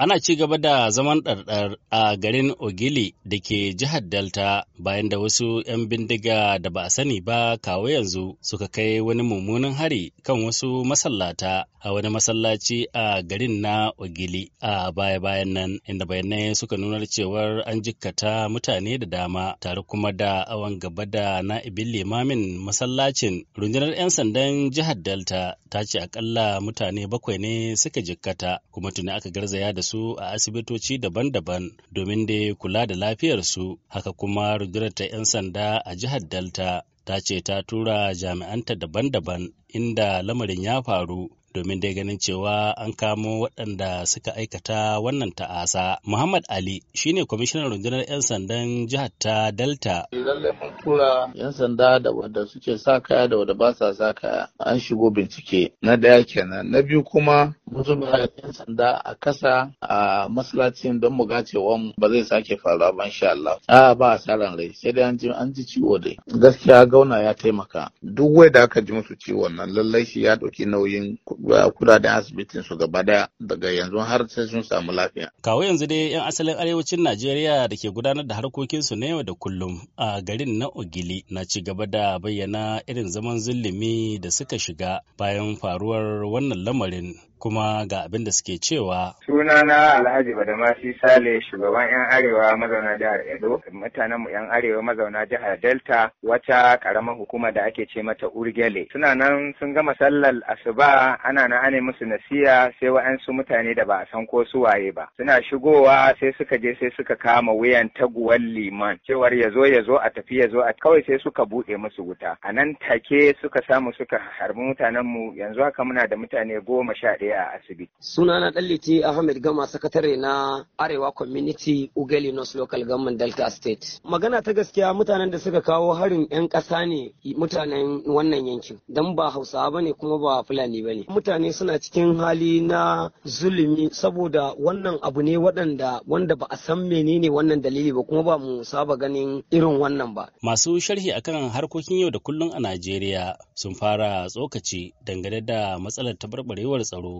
Ana ci gaba da zaman ɗarɗar a garin Ogili da ke jihar Delta bayan da wasu 'yan bindiga da ba a sani ba kawo yanzu suka kai wani mummunan hari kan wasu masallata a wani masallaci a garin na Ogili a baya-bayan nan inda bayanai suka nuna cewar an jikkata mutane da dama tare kuma da awan gaba da na ibin limamin masallacin rundunar 'yan sandan jihar Delta ta ce akalla mutane bakwai ne suka jikkata kuma tuni aka garzaya da su a asibitoci daban-daban domin da kula da lafiyarsu haka kuma rundunar ta 'yan sanda a jihar delta ta ce ta tura jami'anta daban-daban inda lamarin ya faru domin dai ganin cewa an kamo waɗanda suka aikata wannan ta'asa. Muhammad Ali shine kwamishinan rundunar 'yan sandan jihar ta Delta. tura 'yan sanda da wanda suke sa kaya da wanda ba sa sa kaya an shigo bincike na ɗaya kenan. Na biyu kuma mun zo da yan sanda a kasa a masallacin don mu cewa ba zai sake faruwa ba insha Allah a ba asaran rai sai dai an ji an ji ciwo dai gaskiya gauna ya taimaka duk wai da aka ji musu ciwon nan lallai shi ya dauki nauyin kudaden asibitin su gaba daya daga yanzu har sai sun samu lafiya kawo yanzu dai yan asalin arewacin Najeriya da ke gudanar da harkokinsu na yau da kullum a garin na Ogili na ci gaba da bayyana irin zaman zulumi da suka shiga bayan faruwar wannan lamarin kuma ga abin da suke cewa. Sunana Alhaji Badamasi Sale shugaban 'yan Arewa mazauna jihar Edo, mutanenmu 'yan Arewa mazauna jihar Delta wata karamar hukuma da ake ce mata Urgele. Suna nan sun gama sallar asuba ana na ane musu nasiya sai wa'ansu mutane da ba a san ko su waye ba. Suna shigowa sai suka je sai suka kama wuyan taguwar liman cewar ya zo ya zo a tafi ya zo a kawai sai suka buɗe musu wuta. A nan take suka samu suka harbi mutanenmu yanzu haka muna da mutane goma sha ɗaya ya a asibiti. na Ahmed Gama sakatare na Arewa Community ugali North Local Government Delta State. Magana ta gaskiya mutanen da suka kawo harin 'yan ƙasa ne mutanen wannan yankin don ba Hausawa ba ne kuma ba Fulani ba ne. Mutane suna cikin hali na zulumi saboda wannan abu ne waɗanda wanda ba a san menene wannan dalili ba kuma ba mu saba ganin irin wannan ba. Masu sharhi akan harkokin yau da kullum a Najeriya sun fara tsokaci dangane da matsalar tabarbarewar tsaro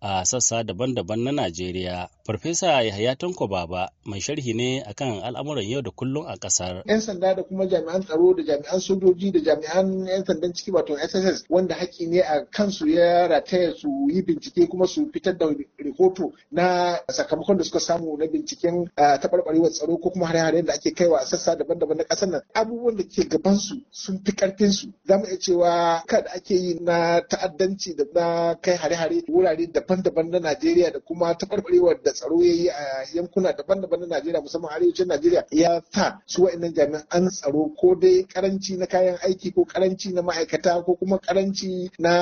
a sassa daban-daban na Najeriya. Farfesa Yahaya Tanko Baba mai sharhi ne akan al'amuran yau da kullum a kasar. 'Yan sanda da kuma jami'an tsaro da jami'an sojoji da jami'an 'yan sandan ciki wato SSS wanda haƙƙi ne a kansu ya rataya su yi bincike kuma su fitar da rikoto na sakamakon da suka samu na binciken taɓarɓarewar tsaro ko kuma hare-haren da ake kaiwa a sassa daban-daban na ƙasar nan. Abubuwan da ke gaban su sun fi ƙarfinsu. Za mu iya cewa kada ake yi na ta'addanci da na kai hare-hare wurare daban daban-daban na Najeriya da kuma taɓarɓarewar da tsaro ya yi a yankuna daban-daban na Najeriya musamman arewacin Najeriya ya sa su wa'annan jami'an tsaro ko dai karanci na kayan aiki ko karanci na ma'aikata ko kuma karanci na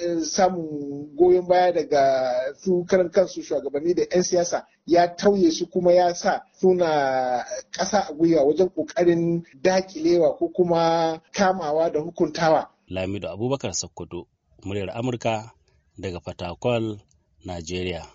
eh, samun goyon baya daga su karan kansu shugabanni da 'yan siyasa ya tauye su kuma ya sa suna ƙasa a gwiwa wajen ƙoƙarin dakilewa ko kuma kamawa da hukuntawa. Lamido Abubakar Sokoto, muryar Amurka daga Fatakwal, Najeriya.